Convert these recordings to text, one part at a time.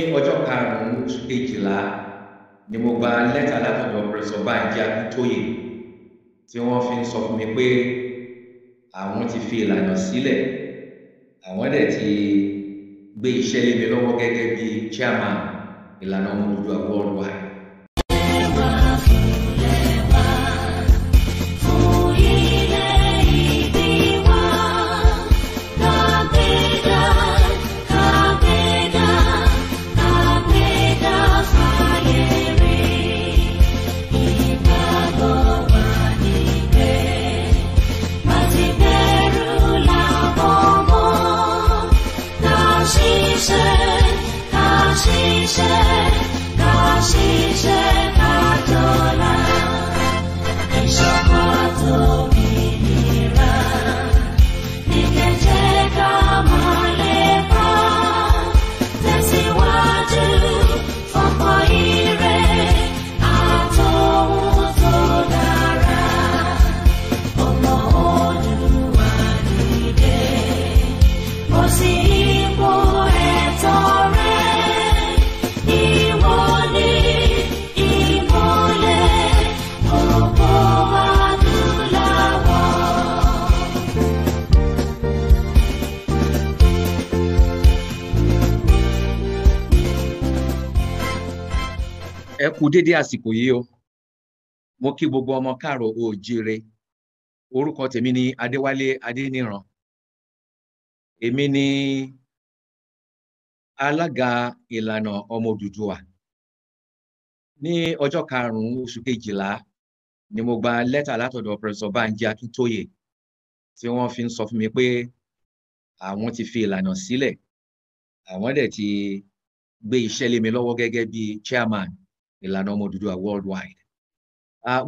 ní ọjọ́ karùn-ún oṣù kejìlá ni mo gba lẹ́tà látọ̀dọ̀ pẹ̀lú Bánjí Akíntóyè tí wọ́n fi ń sọ fún mi pé àwọn ti fi ìlànà sílẹ̀ àwọn dẹ̀ ti gbé iṣẹ́ lé mi lọ́wọ́ gẹ́gẹ́ bí chairman ìlànà ọmọ òdòdó àgbọ̀n wa. 他牺牲，他牺牲，他牺牲。ẹ kú dédé àsìkò yìí o mo kí gbogbo ọmọ káàrọ̀ oòjíire orúkọ tèmi ni adéwálé adéníran èmi ni alága ìlànà ọmọ òdùdúwà ní ọjọ́ karùnún oṣù kejìlá ni mo gba lẹ́tà látọ̀dọ̀ pẹrẹsọ banji akíntóye tí wọ́n fi ń sọ fún mi pé àwọn ti fi ìlànà sílẹ̀ àwọn dẹ̀ ti gbé iṣẹ́ lé mi lọ́wọ́ gẹ́gẹ́ bíi chairman ìlànà ọmọ Odùduwà worldwide.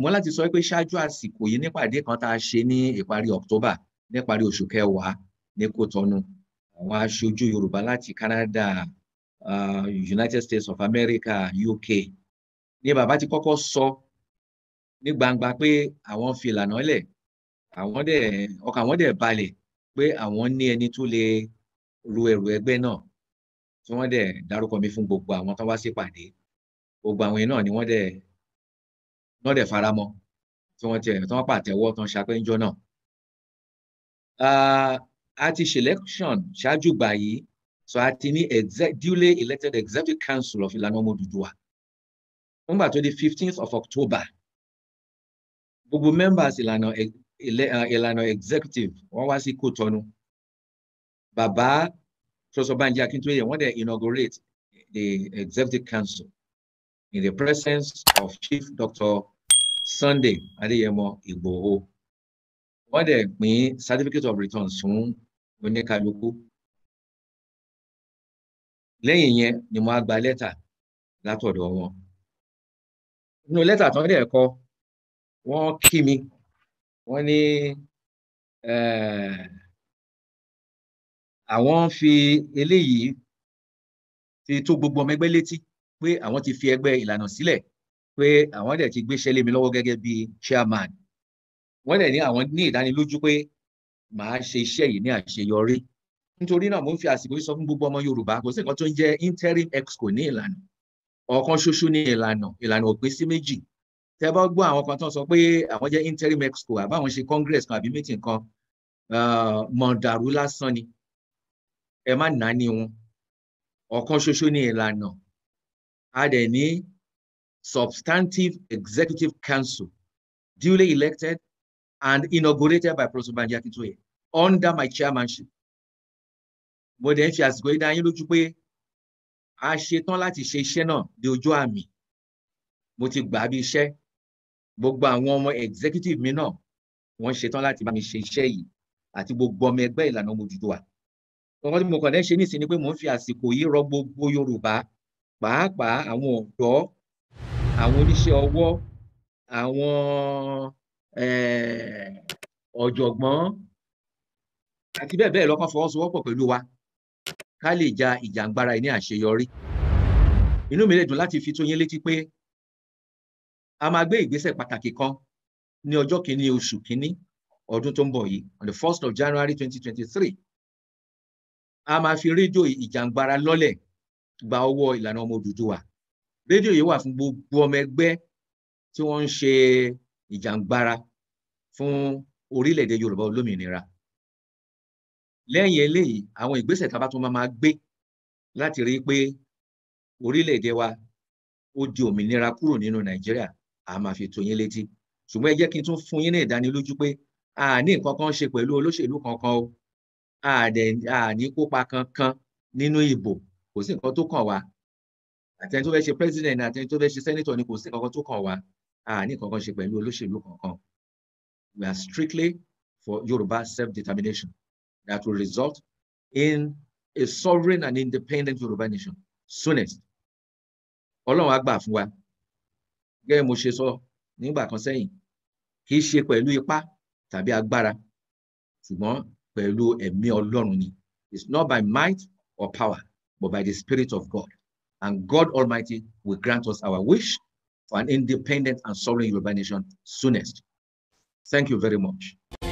mo láti sọ pé ṣáájú àsìkò yìí nípàdé kan tá a ṣe ní ìparí October níparí oṣù kẹwàá ní Kòtọ́nù àwọn aṣojú Yorùbá láti Canada uh, United States of America UK ni bàbá ti kọ́kọ́ sọ ní gbangba pé àwọn fi ìlànà lẹ̀ àwọn dẹ̀ ọkàn àwọn dẹ̀ balẹ̀ pé àwọn ní ẹni tó lè ru ẹrù ẹgbẹ́ náà tí wọ́n dẹ̀ dárúkọ mi fún gbogbo àwọn tó wá sípàdé. Si gbogbo àwọn yẹn náà ni wọ́n dẹ̀ wọ́n dẹ̀ fara mọ́ tí wọ́n tiẹ̀ tí wọ́n pàtẹ́wọ́ tí wọ́n ṣapẹ́ ńjọ́ náà. a ti ṣe election ṣáájú gbà yìí so a ti ní duly elected executive council of Ìlànà Ọmọ Odùduwà nígbà tó di fifteenth of October gbogbo members Ìlànà Ìlànà executive wọ́n wá sí Kòtọ́nù bàbá Professor Banji Akintoye wọ́n dẹ̀ inaugurate the executive council in the presence of Chief Dr. Sunday Adeyemo Igboho. Wọ́n dẹ̀ pín certificate of returns fún oníkálukú. Lẹ́yìn yẹn ni mo á gba lẹ́tà látọ̀dọ̀ wọn. Nínú lẹ́tà tán dẹ̀ kọ, wọ́n kí mi, wọ́n ní àwọn fi eléyìí fi tó gbogbo ọmọ ẹgbẹ́ létí pé àwọn ti fi ẹgbẹ́ ìlànà sílẹ̀ pé àwọn dẹ̀ ti gbéṣẹ́ lé mi lọ́wọ́ gẹ́gẹ́ bí chairman wọ́n dẹ̀ ní àwọn ní ìdánilójú pé màá ṣe iṣẹ́ yìí ní àṣeyọrí nítorí náà mo ń fi àsìkò sọ fún gbogbo ọmọ Yorùbá kò sí nǹkan tó ń jẹ́ interim exco ní ìlànà ọ̀kan ṣoṣo ní ìlànà ìlànà òpin sí méjì tẹ́ bá gbọ́ àwọn kan tó ń sọ pé àwọn jẹ́ interim exco àbáwọn ṣe congress kan àbí meeting kan ah, mọ̀ọ́dàrú lásán ni ẹ má nání wọn ọ̀kan ṣoṣo ní ìlànà a dẹ̀ substantive executive council duly elected and inaugurated by Professor Banji Akintoye under my chairmanship mo dẹ̀ ń fi àsìkò yìí dá yín lójú pé a ṣetán láti ṣe iṣẹ́ náà di ojú àmì mo ti gbà á bí iṣẹ́ gbogbo àwọn ọmọ executive mi náà wọ́n ṣetán láti bá mi ṣe iṣẹ́ yìí àti gbogbo ọmọ ẹgbẹ́ ìlànà ọmọ Odùduwà. ọkọ tí mo kàn dẹ́ ṣe nísìnyí ni pé mò ń fi àsìkò yìí rọ gbogbo Yorùbá pàápàá àwọn ọ̀dọ́ àwọn oníṣẹ́ ọwọ́ àwọn ọ̀jọ̀gbọ́n àti bẹ́ẹ̀ bẹ́ẹ̀ lọ kàn fọwọ́sowọ́pọ̀ pẹ̀lú wa ká lè ja ìjàngbara yìí ní àṣeyọrí inú mi lè dùn láti fi tó yín létí pé a máa gbé ìgbésẹ̀ pàtàkì kan ní ọjọ́ kìíní oṣù kìíní ọdún tó ń bọ̀ yìí on the first of January twenty twenty three a máa fi rédíò ìjàngbara lọ́lẹ̀ gba ọwọ́ ìlànà ọmọ Odùduwà rédíò yìí wà fún gbogbo ọmọ ẹgbẹ́ tí wọ́n ń ṣe ìjàngbara fún orílẹ̀-èdè Yorùbá olómìnira lẹ́yìn eléyìí àwọn ìgbésẹ̀ tá a bá tún máa gbé láti rí i pé orílẹ̀-èdè wa ó di òmìnira kúrò nínú Nàìjíríà a máa fi tó yín létí ṣùgbọ́n ẹ jẹ́ kí n tún fún yín ní ìdánilójú pé a nǹkan kan ṣe pẹ̀lú olóṣèlú kankan o a a ní kópa kankan nínú ìbò kò sí nǹkan tó kàn wá àtẹni tó fẹ́ ṣe president àtẹni tó fẹ́ ṣe senator ni kò sí nǹkan tó kàn wá a ní nǹkan kan ṣe pẹ̀lú olóṣèlú kankan we are strictly for Yoruba self-determination that will result in a sovereign and independent Yoruba nation soonest Ọlọ́run á gbà fún wa gẹ́gẹ́ mo ṣe sọ nígbà kan sẹ́yìn kì í ṣe pẹ̀lú ipá tàbí agbára ṣùgbọ́n pẹ̀lú ẹ̀mí Ọlọ́run ni it's not by might or power but by the Spirit of God. And God Almighty will grant us our wish for an independent and sovereign Yoruba nation soonest. Thank you very much.